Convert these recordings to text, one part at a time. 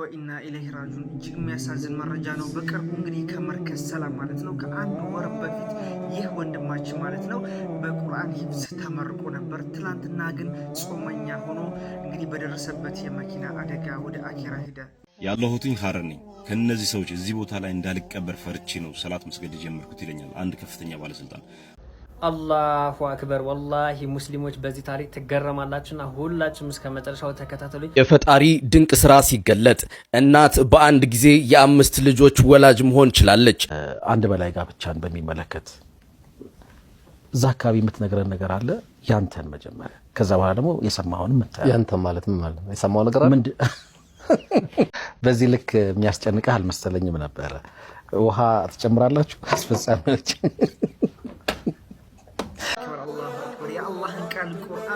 ወኢና ኢለይሂ ራጂዑን እጅግ የሚያሳዝን መረጃ ነው። በቅርቡ እንግዲህ ከመርከዝ ሰላም ማለት ነው ከአንድ ወር በፊት ይህ ወንድማችን ማለት ነው በቁርአን ሂፍዝ ተመርቆ ነበር። ትላንትና ግን ጾመኛ ሆኖ እንግዲህ በደረሰበት የመኪና አደጋ ወደ አኬራ ሄደ። ያለሁትኝ ሐረር ነኝ። ከነዚህ ሰዎች እዚህ ቦታ ላይ እንዳልቀበር ፈርቼ ነው ሰላት መስገድ ጀመርኩት ይለኛል አንድ ከፍተኛ ባለስልጣን። አላሁ አክበር ወላሂ ሙስሊሞች በዚህ ታሪክ ትገረማላችሁና ሁላችሁም እስከ መጨረሻው ተከታተሉ። የፈጣሪ ድንቅ ስራ ሲገለጥ እናት በአንድ ጊዜ የአምስት ልጆች ወላጅ መሆን ችላለች። አንድ በላይ ጋብቻን በሚመለከት እዛ አካባቢ የምትነግረን ነገር አለ ያንተን መጀመሪያ፣ ከዛ በኋላ ደግሞ የሰማውን ያንተ ማለት የሰማው ነገር በዚህ ልክ የሚያስጨንቀህ አልመሰለኝም ነበረ። ውሃ ትጨምራላችሁ አስፈጻሚዎች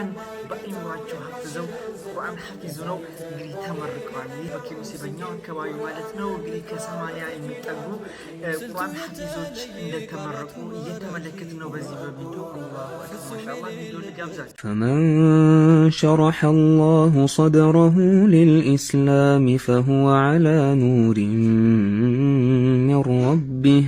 القرآن بأين واجو حفظو القرآن آه، حفظو نو قري تمرقو عن ليه وكي بسي بنيو كواي والدنو قري كسامانيا يمتقو القرآن حفظو جند تمرقو يتملكتنو بزي بمدو الله وكما شاء الله بدو فمن شرح الله صدره للإسلام فهو على نور من ربه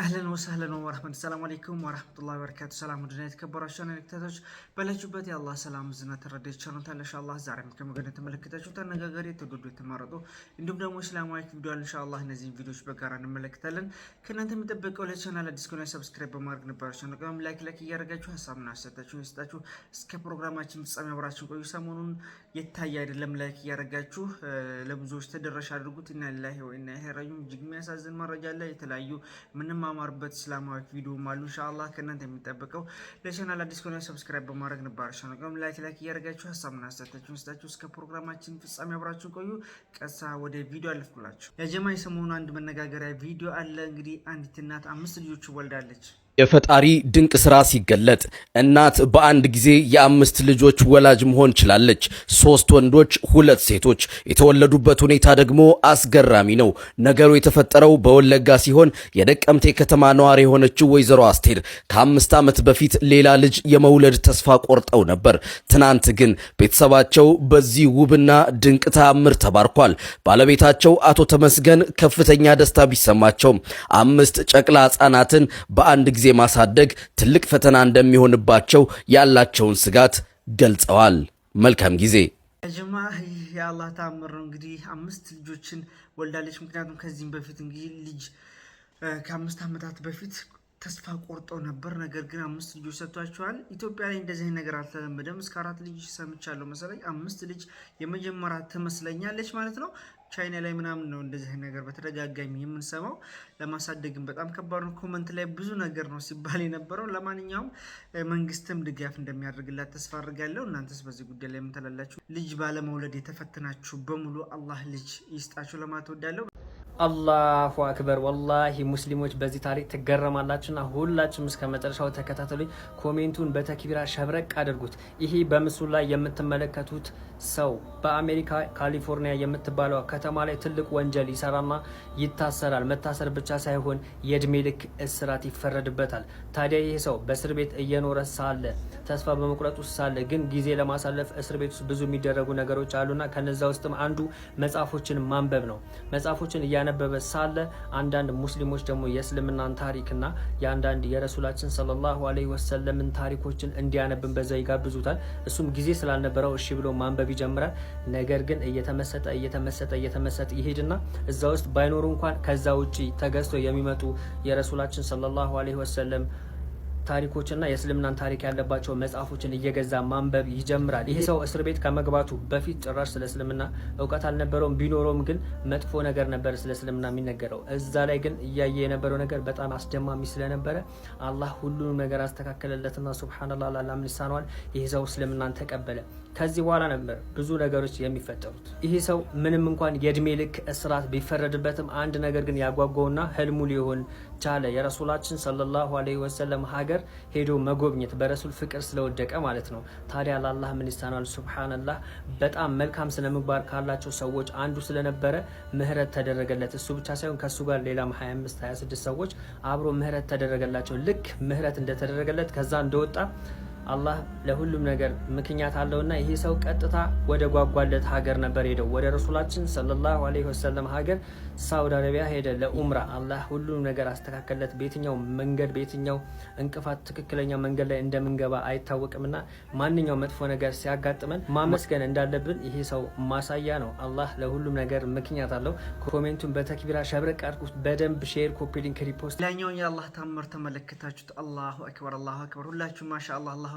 አህለን ወሳህለን ወረመቱ ሰላም አለይኩም ወረህመቱላሂ ወበረካቱ። ሰላም ውድና የተከበራችሁ ተመልካቾች በላችሁበት የአላህ ሰላም ዝና ተረዳ ቻሉታል። ኢንሻአላህ ዛሬ ከምገደ የተመለከታችሁ ተነጋጋሪ የተወደዱ የተመረጡ እንዲሁም ደግሞ እስላማዊ ቪዲዮዋል ኢንሻአላህ እነዚህን ቪዲዮዎች በጋራ እንመለከታለን። ከእናንተ የሚጠበቀው ለቻናል አዲስ ከሆነ ሰብስክራይብ በማድረግ ነበራችሁ ነቀም ላይክ ላይክ እያደረጋችሁ ሀሳብና አስተያየታችሁን ይስጣችሁ። እስከ ፕሮግራማችን ፍጻሜ አብራችን ቆዩ። ሰሞኑን የታየ አይደለም ላይክ እያደረጋችሁ ለብዙዎች ተደራሽ አድርጉት። ኢና ሊላሂ ወኢና ኢለይሂ ራጂዑን። እጅግ የሚያሳዝን መረጃ ላይ የተለያዩ ምንም የምንማማርበት እስላማዊ ቪዲዮ አሉ። ኢንሻአላህ ከእናንተ የሚጠበቀው ለቻናል አዲስ ከሆነ ሰብስክራይብ በማድረግ ነባር ሻናቀም ላይክ ላይክ እያደረጋችሁ ሀሳብና አስተያየታችሁን ስታችሁ እስከ ፕሮግራማችን ፍጻሜ አብራችሁን ቆዩ። ቀሳ ወደ ቪዲዮ አለፍኩላችሁ። የጀማ የሰሞኑ አንድ መነጋገሪያ ቪዲዮ አለ። እንግዲህ አንዲት እናት አምስት ልጆች ወልዳለች። የፈጣሪ ድንቅ ስራ ሲገለጥ እናት በአንድ ጊዜ የአምስት ልጆች ወላጅ መሆን ችላለች። ሶስት ወንዶች፣ ሁለት ሴቶች። የተወለዱበት ሁኔታ ደግሞ አስገራሚ ነው። ነገሩ የተፈጠረው በወለጋ ሲሆን የነቀምቴ ከተማ ነዋሪ የሆነችው ወይዘሮ አስቴር ከአምስት ዓመት በፊት ሌላ ልጅ የመውለድ ተስፋ ቆርጠው ነበር። ትናንት ግን ቤተሰባቸው በዚህ ውብና ድንቅ ተአምር ተባርኳል። ባለቤታቸው አቶ ተመስገን ከፍተኛ ደስታ ቢሰማቸውም አምስት ጨቅላ ህጻናትን በአንድ ጊዜ ጊዜ ማሳደግ ትልቅ ፈተና እንደሚሆንባቸው ያላቸውን ስጋት ገልጸዋል። መልካም ጊዜ ጀማ የአላህ ተአምር ነው። እንግዲህ አምስት ልጆችን ወልዳለች። ምክንያቱም ከዚህም በፊት እንግዲህ ልጅ ከአምስት ዓመታት በፊት ተስፋ ቆርጦ ነበር። ነገር ግን አምስት ልጆች ሰጥቷቸዋል። ኢትዮጵያ ላይ እንደዚህ ነገር አልተለመደም። እስከ አራት ልጅ ሰምቻለሁ መሰለኝ። አምስት ልጅ የመጀመሪያ ትመስለኛለች ማለት ነው። ቻይና ላይ ምናምን ነው እንደዚህ ነገር በተደጋጋሚ የምንሰማው። ለማሳደግም በጣም ከባድ ነው። ኮመንት ላይ ብዙ ነገር ነው ሲባል የነበረው። ለማንኛውም መንግስትም ድጋፍ እንደሚያደርግላት ተስፋ አድርጋለሁ። እናንተስ በዚህ ጉዳይ ላይ የምንተላላችሁ ልጅ ባለመውለድ የተፈተናችሁ በሙሉ አላህ ልጅ ይስጣችሁ ለማለት እወዳለሁ። አላሁ አክበር ወላሂ ሙስሊሞች በዚህ ታሪክ ትገረማላችሁና ሁላችሁም እስከ መጨረሻው ተከታተሉ። ኮሜንቱን በተክቢራ ሸብረቅ አድርጉት። ይሄ በምስሉ ላይ የምትመለከቱት ሰው በአሜሪካ ካሊፎርኒያ የምትባለው ከተማ ላይ ትልቅ ወንጀል ይሰራና ይታሰራል። መታሰር ብቻ ሳይሆን የእድሜ ልክ እስራት ይፈረድበታል። ታዲያ ይህ ሰው በእስር ቤት እየኖረ ሳለ ተስፋ ውስጥ ሳለ ግን ጊዜ ለማሳለፍ እስር ቤት ውስጥ ብዙ የሚደረጉ ነገሮች አሉና ከነዛ ውስጥም አንዱ መጽሐፎችን ማንበብ ነው። መጽሐፎችን እያ እያነበበ ሳለ አንዳንድ ሙስሊሞች ደግሞ የእስልምናን ታሪክና የአንዳንድ የረሱላችን ሰለላሁ አለይሂ ወሰለምን ታሪኮችን እንዲያነብን በዛ ይጋብዙታል። እሱም ጊዜ ስላልነበረው እሺ ብሎ ማንበብ ይጀምራል። ነገር ግን እየተመሰጠ እየተመሰጠ እየተመሰጠ ይሄድና እዛ ውስጥ ባይኖሩ እንኳን ከዛ ውጭ ተገዝቶ የሚመጡ የረሱላችን ሰለላሁ አለይሂ ወሰለም ታሪኮችና የእስልምናን ታሪክ ያለባቸው መጽሐፎችን እየገዛ ማንበብ ይጀምራል። ይህ ሰው እስር ቤት ከመግባቱ በፊት ጭራሽ ስለ እስልምና እውቀት አልነበረውም። ቢኖረውም ግን መጥፎ ነገር ነበር ስለ እስልምና የሚነገረው። እዛ ላይ ግን እያየ የነበረው ነገር በጣም አስደማሚ ስለነበረ አላህ ሁሉንም ነገር አስተካከለለትና ሱብሃነላህ ላላምን ይሳነዋል። ይህ ሰው እስልምናን ተቀበለ። ከዚህ በኋላ ነበር ብዙ ነገሮች የሚፈጠሩት። ይህ ሰው ምንም እንኳን የእድሜ ልክ እስራት ቢፈረድበትም አንድ ነገር ግን ያጓጓውና ህልሙ ሊሆን ቻለ። የረሱላችን ሰለላሁ አለይሂ ወሰለም ሀገር ሄዶ መጎብኘት፣ በረሱል ፍቅር ስለወደቀ ማለት ነው። ታዲያ ለአላህ ምን ይሳናል? ሱብሃነላህ። በጣም መልካም ምግባር ካላቸው ሰዎች አንዱ ስለነበረ ምህረት ተደረገለት። እሱ ብቻ ሳይሆን ከእሱ ጋር ሌላም 25 26 ሰዎች አብሮ ምህረት ተደረገላቸው። ልክ ምህረት እንደተደረገለት ከዛ እንደወጣ አላህ ለሁሉም ነገር ምክንያት አለውና ይሄ ሰው ቀጥታ ወደ ጓጓለት ሀገር ነበር ሄደው ወደ ረሱላችን ሰለላሁ አለይሂ ወሰለም ሀገር ሳውዲ አረቢያ ሄደ ለኡምራ። አላህ ሁሉም ነገር አስተካከለት። በየትኛው መንገድ በየትኛው እንቅፋት ትክክለኛ መንገድ ላይ እንደምንገባ አይታወቅምና ማንኛው መጥፎ ነገር ሲያጋጥመን ማመስገን እንዳለብን ይሄ ሰው ማሳያ ነው። አላህ ለሁሉም ነገር ምክንያት አለው። ኮሜንቱን በተክቢራ ሸብረቅ አድርጉት። በደንብ ሼር፣ ኮፒ ሊንክ፣ ሪፖስት። ሌላኛው የአላህ ታምር ተመለከታችሁት። አላሁ አክበር፣ አላሁ አክበር። ሁላችሁ ማሻ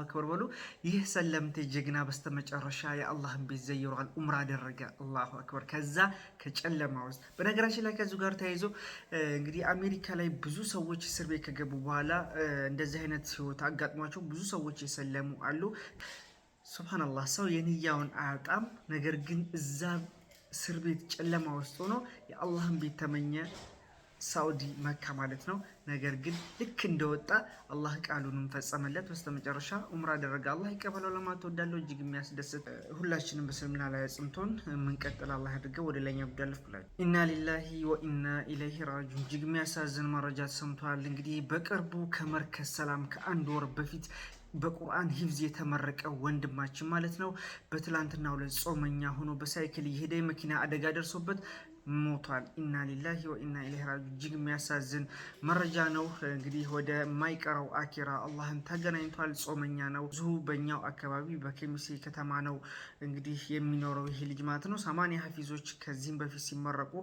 አክበር በሉ። ይህ ሰለምቴ ጀግና በስተመጨረሻ የአላህን ቤት ዘይሯል። ኡምራ አደረገ። አላሁ አክበር። ከዛ ከጨለማ ውስጥ በነገራችን ላይ ከዚሁ ጋር ተያይዞ እንግዲህ አሜሪካ ላይ ብዙ ሰዎች እስር ቤት ከገቡ በኋላ እንደዚህ አይነት ህይወት አጋጥሟቸው ብዙ ሰዎች የሰለሙ አሉ። ሱብሃነላህ ሰው የንያውን አያጣም። ነገር ግን እዛ እስር ቤት ጨለማ ውስጥ ሆኖ የአላህን ቤት ተመኘ። ሳውዲ መካ ማለት ነው። ነገር ግን ልክ እንደወጣ አላህ ቃሉንም ፈጸመለት። በስተመጨረሻ ኡምራ አደረገ። አላህ ይቀበለው። ለማት ወዳለው እጅግ የሚያስደስት ሁላችንም በስልምና ላይ አጽምቶን የምንቀጥል አላህ አድርገው። ወደ ላይኛ ጉዳይ አለፍ ኢና ሊላሂ ወኢና ኢለይሂ ራጂዑን። እጅግ የሚያሳዝን መረጃ ተሰምተዋል። እንግዲህ በቅርቡ ከመርከዝ ሰላም ከአንድ ወር በፊት በቁርአን ሂፍዝ የተመረቀ ወንድማችን ማለት ነው። በትላንትና ሁለት ጾመኛ ሆኖ በሳይክል እየሄደ የመኪና አደጋ ደርሶበት ሞቷል። ኢና ሊላሂ ወኢና ኢለይሂ ራጂዑን። እጅግ የሚያሳዝን መረጃ ነው። እንግዲህ ወደ ማይቀረው አኪራ አላህን ተገናኝቷል። ጾመኛ ነው። እዚሁ በእኛው አካባቢ በኬሚሴ ከተማ ነው እንግዲህ የሚኖረው ይሄ ልጅ ማለት ነው። ሰማንያ ሀፊዞች ከዚህም በፊት ሲመረቁ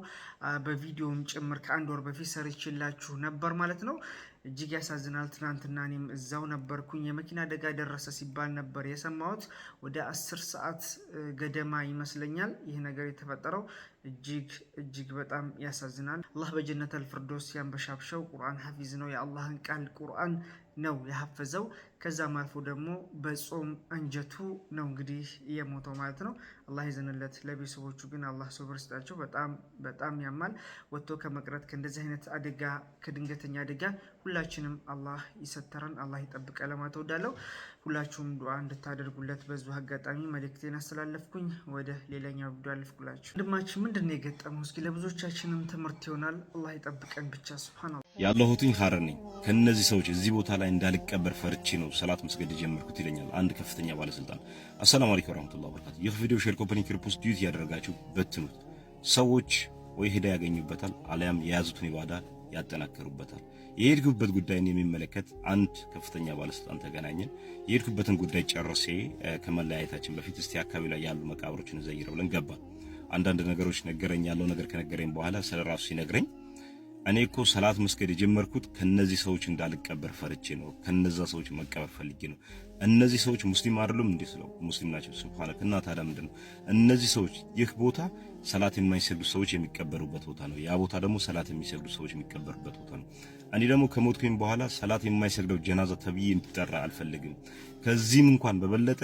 በቪዲዮም ጭምር ከአንድ ወር በፊት ሰርችላችሁ ነበር ማለት ነው። እጅግ ያሳዝናል። ትናንትና እኔም እዛው ነበርኩኝ። የመኪና አደጋ ደረሰ ሲባል ነበር የሰማሁት። ወደ አስር ሰዓት ገደማ ይመስለኛል ይህ ነገር የተፈጠረው። እጅግ እጅግ በጣም ያሳዝናል። አላህ በጀነት ፊርደውስ ያንበሻብሸው። ቁርአን ሀፊዝ ነው። የአላህን ቃል ቁርአን ነው የሀፈዘው። ከዛም አልፎ ደግሞ በጾም እንጀቱ ነው እንግዲህ የሞተው ማለት ነው። አላህ ይዘንለት። ለቤተሰቦቹ ግን አላህ ሶብር ስጣቸው። በጣም በጣም ያማል። ወጥቶ ከመቅረት ከእንደዚህ አይነት አደጋ ከድንገተኛ አደጋ ሁላችንም አላህ ይሰተረን፣ አላህ ይጠብቀ ለማለት እወዳለሁ። ሁላችሁም ዱዓ እንድታደርጉለት በዙ አጋጣሚ መልእክቴን አስተላለፍኩኝ። ወደ ሌላኛው ቪዲዮ አልፍኩላችሁ። ወንድማችን ምንድን ነው የገጠመው? እስኪ ለብዙዎቻችንም ትምህርት ይሆናል። አላህ ይጠብቀን ብቻ። ስብሓንላ ያለሁትኝ ሀረር ነኝ። ከእነዚህ ሰዎች እዚህ ቦታ ላይ እንዳልቀበር ፈርቼ ነው ሰላት መስገድ ጀመርኩት ይለኛል አንድ ከፍተኛ ባለስልጣን። አሰላሙ አለይኩም ወራህመቱላሂ ወበረካቱ። ይህ ቪዲዮ ሼር፣ ኮፒ ሊንክ፣ ሪፖስት ዲዩት ያደረጋችሁ በትኑት ሰዎች ወይ ሂዳ ያገኙበታል፣ አሊያም የያዙትን ኢባዳ ያጠናክሩበታል። የሄድኩበት ጉዳይን የሚመለከት አንድ ከፍተኛ ባለስልጣን ተገናኘን። የሄድኩበትን ጉዳይ ጨርሴ ከመለያየታችን በፊት እስቲ አካባቢ ላይ ያሉ መቃብሮችን ዘይረ ብለን ገባን። አንዳንድ ነገሮች ነገረኝ። ያለው ነገር ከነገረኝ በኋላ ስለ ራሱ ሲነግረኝ እኔ እኮ ሰላት መስገድ የጀመርኩት ከነዚህ ሰዎች እንዳልቀበር ፈርቼ ነው፣ ከነዛ ሰዎች መቀበር ፈልጌ ነው፣ እነዚህ ሰዎች ሙስሊም አይደሉም እንዴ? ስለው ሙስሊም ናቸው። ሱብሃንከ እና ታዲያ ምንድን ነው እነዚህ ሰዎች? ይህ ቦታ ሰላት የማይሰግዱ ሰዎች የሚቀበሩበት ቦታ ነው። ያ ቦታ ደግሞ ሰላት የሚሰግዱ ሰዎች የሚቀበሩበት ቦታ ነው። እኔ ደግሞ ከሞትኩኝ በኋላ ሰላት የማይሰግደው ጀናዛ ተብዬ እንዲጠራ አልፈልግም። ከዚህም እንኳን በበለጠ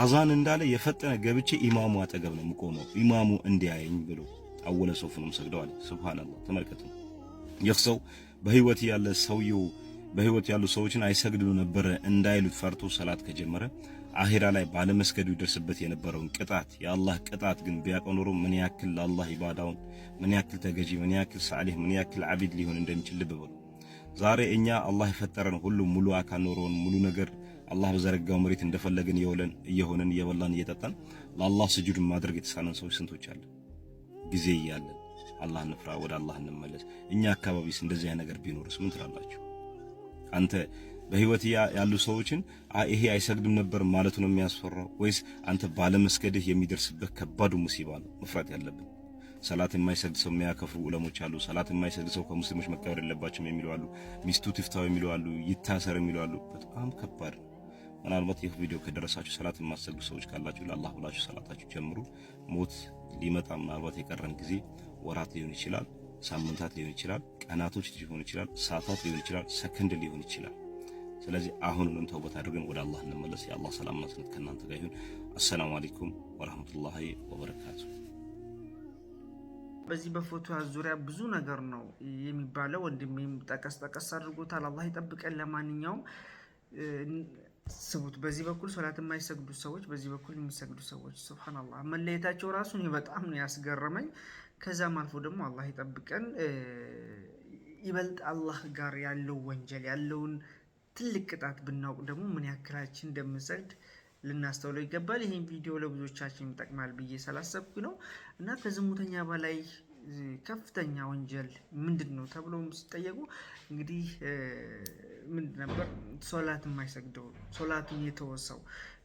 አዛን እንዳለ የፈጠነ ገብቼ ኢማሙ አጠገብ ነው የምቆመው፣ ኢማሙ እንዲያየኝ ብሎ አወለ ሶፍ ሰግደዋል የምሰግደው ተመልከቱ። ይህ ሰው በህይወት ያለ ሰውየው በህይወት ያሉ ሰዎችን አይሰግዱ ነበረ እንዳይሉት ፈርቶ ሰላት ከጀመረ አሄራ ላይ ባለመስገዱ ይደርስበት የነበረውን ቅጣት የአላህ ቅጣት ግን ቢያቀ ኖሮ ምን ያክል ለአላህ ኢባዳውን ምን ያክል ተገዢ፣ ምን ያክል ሳሊህ፣ ምን ያክል ዓቢድ ሊሆን እንደሚችል ልብ በሉ። ዛሬ እኛ አላህ የፈጠረን ሁሉ ሙሉ አካል ኖሮን ሙሉ ነገር አላህ በዘረጋው መሬት እንደፈለገን የወለን እየሆነን እየበላን እየጠጣን ለአላህ ስጁድ ማድረግ የተሳነን ሰዎች ስንቶች አለ። ጊዜ እያለን አላህ ንፍራ፣ ወደ አላህ እንመለስ። እኛ አካባቢስ እንደዚህ ነገር ቢኖርስ ምን ትላላችሁ? አንተ በህይወት ያሉ ሰዎችን ይሄ አይሰግድም ነበር ማለቱ ነው የሚያስፈራው ወይስ አንተ ባለመስገድህ የሚደርስበት ከባዱ ሙሲባ ነው መፍራት ያለብን? ሰላት የማይሰግድ ሰው የሚያከፍሩ ዑለሞች አሉ። ሰላት የማይሰግድ ሰው ከሙስሊሞች መቀበር የለባቸውም የሚሉ አሉ። ሚስቱ ትፍታው የሚሉ አሉ። ይታሰር የሚሉ አሉ። በጣም ከባድ ነው። ምናልባት ይህ ቪዲዮ ከደረሳችሁ ሰላት የማሰግዱ ሰዎች ካላችሁ ለአላህ ብላችሁ ሰላታችሁ ጀምሩ። ሞት ሊመጣ ምናልባት የቀረን ጊዜ ወራት ሊሆን ይችላል። ሳምንታት ሊሆን ይችላል፣ ቀናቶች ሊሆን ይችላል፣ ሰዓታት ሊሆን ይችላል፣ ሰከንድ ሊሆን ይችላል። ስለዚህ ምን ተውበት አድርገን ወደ አላህ እንመለስ። የአላህ ሰላምና እዝነት ከእናንተ ጋር ይሁን። አሰላሙ አለይኩም ወረህመቱላሂ ወበረካቱ። በዚህ በፎቶዋ ዙሪያ ብዙ ነገር ነው የሚባለው። ወንድሜም ጠቀስ ጠቀስ አድርጎታል። አላህ ይጠብቀን። ለማንኛውም ስቡት። በዚህ በኩል ሶላት የማይሰግዱ ሰዎች፣ በዚህ በኩል የሚሰግዱ ሰዎች፣ ሱብሃነላህ መለየታቸው ራሱን በጣም ነው ያስገረመኝ። ከዛም አልፎ ደግሞ አላህ ይጠብቀን። ይበልጥ አላህ ጋር ያለው ወንጀል ያለውን ትልቅ ቅጣት ብናውቅ ደግሞ ምን ያክላችን እንደምንሰግድ ልናስተውለው ይገባል። ይህን ቪዲዮ ለብዙዎቻችን ይጠቅማል ብዬ ስላሰብኩ ነው እና ከዝሙተኛ በላይ ከፍተኛ ወንጀል ምንድን ነው ተብሎ ሲጠየቁ እንግዲህ ምንድን ነበር ሶላት የማይሰግደው ሶላቱን የተወሰው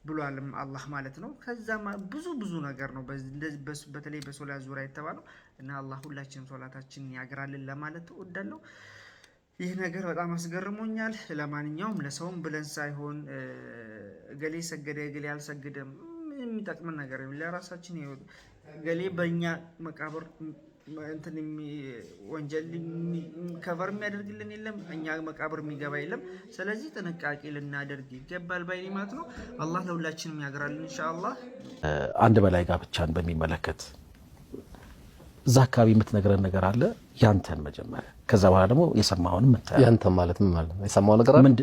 ብሏልም አላህ ማለት ነው። ከዛ ብዙ ብዙ ነገር ነው በተለይ በሶላ ዙሪያ የተባለው እና አላህ ሁላችንም ሶላታችን ያግራልን ለማለት እወዳለሁ። ይህ ነገር በጣም አስገርሞኛል። ለማንኛውም ለሰውም ብለን ሳይሆን እገሌ ሰገደ እገሌ አልሰገደም የሚጠቅመን ነገር ለራሳችን ገሌ በእኛ መቃብር እንትን ወንጀል ከቨር የሚያደርግልን የለም፣ እኛ መቃብር የሚገባ የለም። ስለዚህ ጥንቃቄ ልናደርግ ይገባል ባይ ማለት ነው። አላህ ለሁላችንም ያግራል ኢንሻአላህ። አንድ በላይ ጋብቻን በሚመለከት እዛ አካባቢ የምትነግረን ነገር አለ ያንተን መጀመሪያ፣ ከዛ በኋላ ደግሞ የሰማውን ያንተ ማለት የሰማው ነገር አለ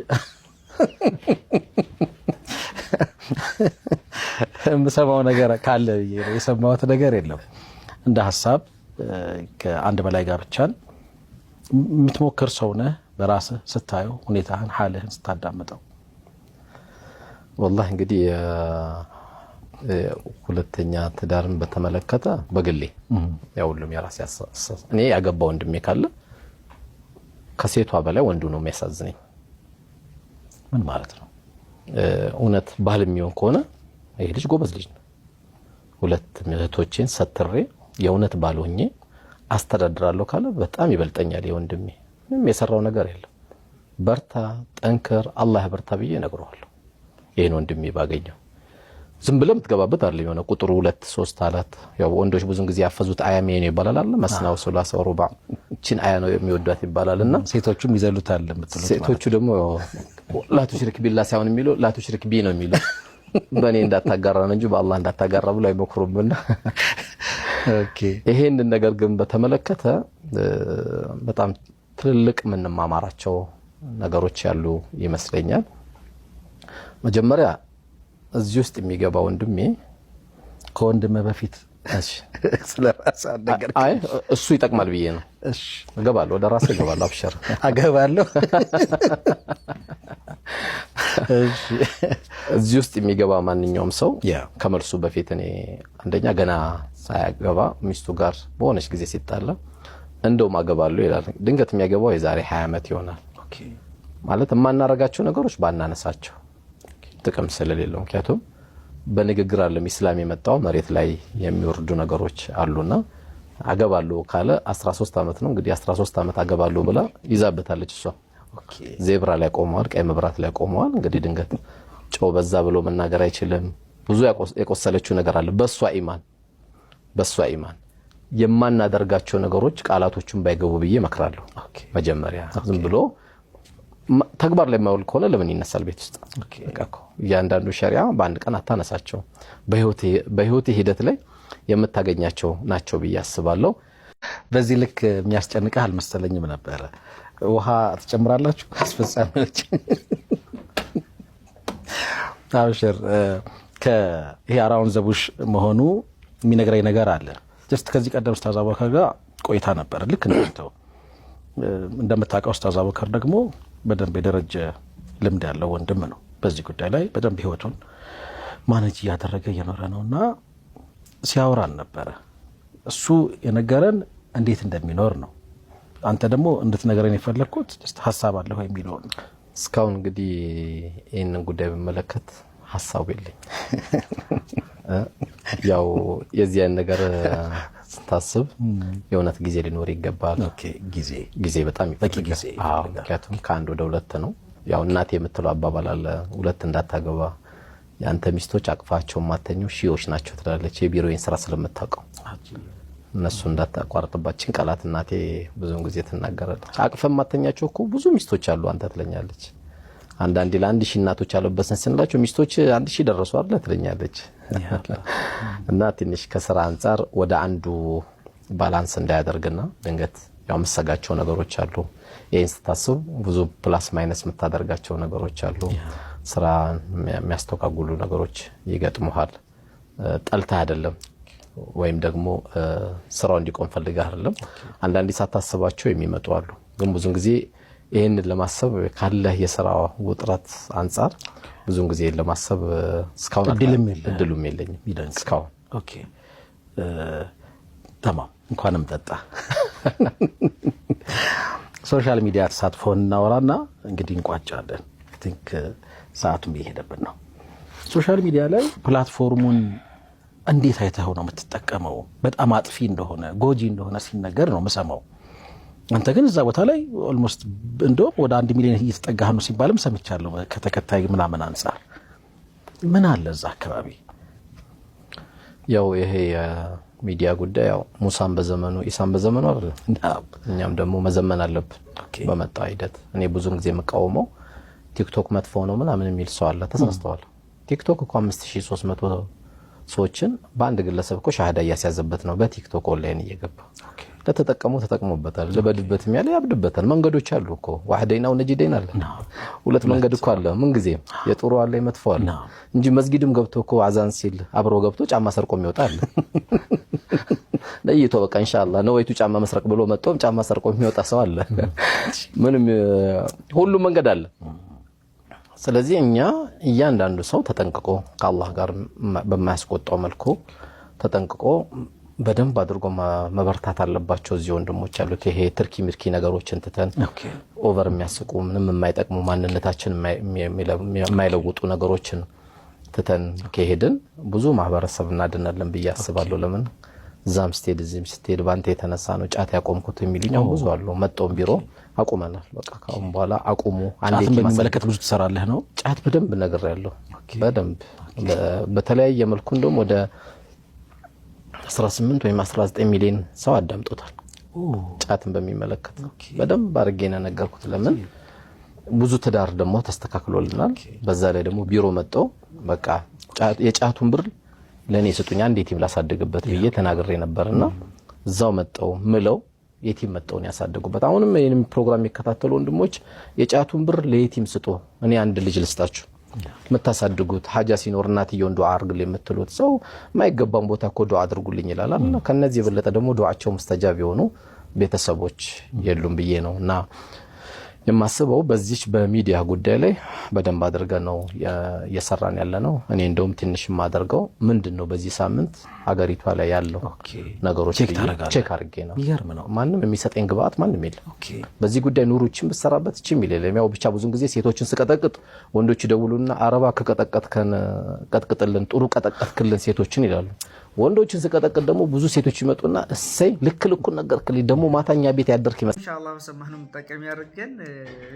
የምሰማው ነገር ካለ የሰማሁት ነገር የለም እንደ ሀሳብ ከአንድ በላይ ጋብቻን የምትሞክር ሰው ነህ በራስህ ስታየው ሁኔታህን ሀልህን ስታዳምጠው ወላህ እንግዲህ ሁለተኛ ትዳርን በተመለከተ በግሌ ያው ሁሉም የራሴ እኔ ያገባ ወንድሜ ካለ ከሴቷ በላይ ወንዱ ነው የሚያሳዝነኝ። ምን ማለት ነው? እውነት ባል የሚሆን ከሆነ ይሄ ልጅ ጎበዝ ልጅ ነው። ሁለት እህቶቼን ሰትሬ የእውነት ባል ሆኜ አስተዳድራለሁ ካለ በጣም ይበልጠኛል። የወንድሜ ምንም የሰራው ነገር የለም። በርታ፣ ጠንክር፣ አላህ በርታ ብዬ እነግረዋለሁ። ይህን ወንድሜ ባገኘው ዝም ብለህ የምትገባበት አለ የሆነ ቁጥሩ ሁለት ሶስት አላት። ያው ወንዶች ብዙን ጊዜ ያፈዙት አያ ሜ ነው ይባላል አለ መስናው ሱላሳ ወሩባ እችን አያ ነው የሚወዷት ይባላል። እና ሴቶቹም ይዘሉታል ሴቶቹ ደግሞ ላቱ ሽርክ ቢላ ሳይሆን የሚለው ላቱ ሽርክ ቢ ነው የሚለው በእኔ እንዳታጋራ ነው እንጂ በአላህ እንዳታጋራ ብሎ አይመክሩምና ይሄንን ነገር ግን በተመለከተ በጣም ትልልቅ የምንማማራቸው ነገሮች ያሉ ይመስለኛል። መጀመሪያ እዚህ ውስጥ የሚገባ ወንድሜ ከወንድሜ በፊት እሱ ይጠቅማል ብዬ ነው። እገባለሁ፣ ወደ ራሴ እገባለሁ። አብሽር አገባለሁ። እዚህ ውስጥ የሚገባ ማንኛውም ሰው ከመልሱ በፊት እኔ አንደኛ ገና ሳያገባ ሚስቱ ጋር በሆነች ጊዜ ሲጣላ እንደውም አገባለሁ ይላል። ድንገት የሚያገባው የዛሬ 20 ዓመት ይሆናል። ማለት የማናረጋቸው ነገሮች ባናነሳቸው ጥቅም ስለሌለው፣ ምክንያቱም በንግግር አለም ኢስላም የመጣው መሬት ላይ የሚወርዱ ነገሮች አሉና አገባለሁ ካለ 13 ዓመት ነው እንግዲህ 13 ዓመት አገባለሁ ብላ ይዛበታለች። እሷ ዜብራ ላይ ቆመዋል፣ ቀይ መብራት ላይ ቆመዋል። እንግዲህ ድንገት ጨው በዛ ብሎ መናገር አይችልም። ብዙ የቆሰለችው ነገር አለ በእሷ ኢማን በእሷ ኢማን የማናደርጋቸው ነገሮች ቃላቶቹን ባይገቡ ብዬ መክራለሁ። መጀመሪያ ዝም ብሎ ተግባር ላይ የማውል ከሆነ ለምን ይነሳል ቤት ውስጥ? እያንዳንዱ ሸሪያ በአንድ ቀን አታነሳቸው። በህይወት ሂደት ላይ የምታገኛቸው ናቸው ብዬ አስባለሁ። በዚህ ልክ የሚያስጨንቀህ አልመሰለኝም ነበረ። ውሃ ትጨምራላችሁ አስፈጻሚዎች? አብሽር ይሄ አራውን ዘቡሽ መሆኑ የሚነግረኝ ነገር አለ። ጀስት ከዚህ ቀደም ኡስታዝ አቡበከር ጋር ቆይታ ነበር። ልክ ነው እንደምታውቀው ኡስታዝ አቡበከር ደግሞ በደንብ የደረጀ ልምድ ያለው ወንድም ነው። በዚህ ጉዳይ ላይ በደንብ ህይወቱን ማነጅ እያደረገ እየኖረ ነው እና ሲያወራን ነበረ። እሱ የነገረን እንዴት እንደሚኖር ነው። አንተ ደግሞ እንድትነገረን የፈለግኩት ሀሳብ አለሁ የሚለውን እስካሁን እንግዲህ ይህንን ጉዳይ ብመለከት ሀሳቡ የለኝ። ያው የዚያን ነገር ስታስብ የእውነት ጊዜ ሊኖር ይገባል። ጊዜ በጣም ይፈልጋል። ምክንያቱም ከአንድ ወደ ሁለት ነው። ያው እናቴ የምትለው አባባል አለ፣ ሁለት እንዳታገባ የአንተ ሚስቶች አቅፋቸው ማተኘው ሺዎች ናቸው ትላለች። የቢሮዬን ስራ ስለምታውቀው እነሱ እንዳታቋርጥባችን ቃላት እናቴ ብዙውን ጊዜ ትናገራለች። አቅፈ ማተኛቸው እኮ ብዙ ሚስቶች አሉ አንተ ትለኛለች። አንዳንዴ ለአንድ ሺህ እናቶች አለበሰን ስንላቸው ሚስቶች አንድ ሺህ ደረሱ አለ ትለኛለች። እና ትንሽ ከስራ አንጻር ወደ አንዱ ባላንስ እንዳያደርግና ድንገት ያው ነገሮች አሉ። ይህን ስታስብ ብዙ ፕላስ ማይነስ የምታደርጋቸው ነገሮች አሉ። ስራ የሚያስተጓጉሉ ነገሮች ይገጥመሃል። ጠልታ አይደለም ወይም ደግሞ ስራው እንዲቆም ፈልገህ አይደለም። አንዳንዴ ሳታስባቸው የሚመጡ አሉ። ግን ብዙን ጊዜ ይህንን ለማሰብ ካለህ የስራ ውጥረት አንጻር ብዙን ጊዜ ለማሰብ እስካሁን እድሉም የለኝም። እስካሁን ተማም እንኳንም ጠጣ ሶሻል ሚዲያ ተሳትፎ እናወራና እንግዲህ እንቋጫለን። ቲንክ ሰዓቱም እየሄደብን ነው። ሶሻል ሚዲያ ላይ ፕላትፎርሙን እንዴት አይተኸው ነው የምትጠቀመው? በጣም አጥፊ እንደሆነ ጎጂ እንደሆነ ሲነገር ነው የምሰማው። አንተ ግን እዛ ቦታ ላይ ኦልሞስት እንደውም ወደ አንድ ሚሊዮን እየተጠጋህ ነው ሲባልም ሰምቻለሁ። ከተከታይ ምናምን አንጻር ምን አለ እዛ አካባቢ? ያው ይሄ የሚዲያ ጉዳይ ያው ሙሳን በዘመኑ ኢሳን በዘመኑ አለ፣ እኛም ደግሞ መዘመን አለብን በመጣ ሂደት። እኔ ብዙን ጊዜ የምቃወመው ቲክቶክ መጥፎ ነው ምናምን የሚል ሰው አለ። ተሳስተዋል። ቲክቶክ እኮ 5300 ሰዎችን በአንድ ግለሰብ እኮ ሻህዳ እያስያዘበት ነው። በቲክቶክ ኦንላይን እየገባ ለተጠቀመው ተጠቅሞበታል፣ ልበድበትም ያለ ያብድበታል። መንገዶች አሉ እኮ ዋህደይና ወነጂደይን አለ። ሁለት መንገድ እኮ አለ ምንጊዜም የጥሩ አለ የመጥፎ አለ እንጂ መስጊድም ገብቶ እኮ አዛን ሲል አብሮ ገብቶ ጫማ ሰርቆ የሚወጣ አለ። ለይቶ በቃ ኢንሻአላህ ነው ወይቱ ጫማ መስረቅ ብሎ መጥቶም ጫማ ሰርቆ የሚወጣ ሰው አለ። ምንም ሁሉም መንገድ አለ። ስለዚህ እኛ እያንዳንዱ ሰው ተጠንቅቆ ከአላህ ጋር በማያስቆጣው መልኩ ተጠንቅቆ በደንብ አድርጎ መበርታት አለባቸው። እዚህ ወንድሞች ያሉት ይሄ ትርኪ ምርኪ ነገሮችን ትተን ኦቨር የሚያስቁ ምንም የማይጠቅሙ ማንነታችን የማይለውጡ ነገሮችን ትተን ከሄድን ብዙ ማህበረሰብ እናድናለን ብዬ አስባለሁ። ለምን እዛም ስትሄድ እዚህም ስትሄድ በአንተ የተነሳ ነው ጫት ያቆምኩት የሚሉኝ ብዙ አሉ። መጠውን ቢሮ አቁመናል፣ በቃ ካሁን በኋላ አቁሙ። ጫትን በሚመለከት ብዙ ትሰራለህ ነው? ጫት በደንብ ያለው በደንብ በተለያየ መልኩ እንደውም ወደ 18 ወይም 19 ሚሊዮን ሰው አዳምጦታል። ጫትን በሚመለከት በደንብ አድርጌ ነው ነገርኩት። ለምን ብዙ ትዳር ደግሞ ተስተካክሎልናል። በዛ ላይ ደግሞ ቢሮ መጠው በቃ የጫቱን ብር ለእኔ ስጡኝ አንድ የቲም ላሳድግበት ብዬ ተናግሬ ነበርና እዛው መጠው ምለው የቲም መጠውን ያሳደጉበት። አሁንም ይህንም ፕሮግራም የሚከታተሉ ወንድሞች የጫቱን ብር ለየቲም ስጡ፣ እኔ አንድ ልጅ ልስጣችሁ የምታሳድጉት ሀጃ ሲኖር እናትየውን ዱዓ አድርግልኝ የምትሉት ሰው የማይገባውን ቦታ እኮ ዱዓ አድርጉልኝ ይላል። ከነዚህ የበለጠ ደግሞ ዱዓቸው ሙስተጃብ የሆኑ ቤተሰቦች የሉም ብዬ ነው እና የማስበው በዚች በሚዲያ ጉዳይ ላይ በደንብ አድርገ ነው እየሰራን ያለ ነው። እኔ እንደውም ትንሽ የማደርገው ምንድን ነው በዚህ ሳምንት ሀገሪቷ ላይ ያለው ነገሮች ቼክ አድርጌ ነው። ማንም የሚሰጠኝ ግብአት ማንም የለም በዚህ ጉዳይ ኑሩ ችን ብሰራበት ችም ይለለም። ያው ብቻ ብዙን ጊዜ ሴቶችን ስቀጠቅጥ ወንዶች ደውሉና አረባ ከቀጠቀጥከን ቀጥቅጥልን ጥሩ ቀጠቀጥክልን ሴቶችን ይላሉ። ወንዶችን ስቀጠቅጥ ደግሞ ብዙ ሴቶች ይመጡና እሰይ ልክ ልኩን ነገርክልኝ ደግሞ ማታኛ ቤት ያደርክ ይመስል ኢንሻላህ በሰማነው መጠቀም ያደርገን።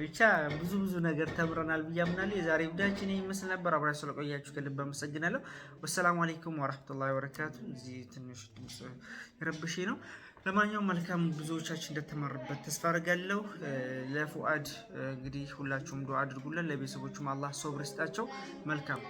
ብቻ ብዙ ብዙ ነገር ተምረናል ብዬ አምናለሁ። የዛሬ ጉዳያችን ይመስል ነበር። አብራችሁ ስለቆያችሁ ከልብ አመሰግናለሁ። ወሰላሙ አሌይኩም ወረህመቱላሂ ወበረካቱ። እዚህ ትንሽ ድምፅ ረብሼ ነው። ለማንኛውም መልካም ብዙዎቻችን እንደተመርበት ተስፋ አድርጋለሁ። ለፉአድ እንግዲህ ሁላችሁም ዱዓ አድርጉለን፣ ለቤተሰቦቹም አላህ ሶብር ይስጣቸው። መልካም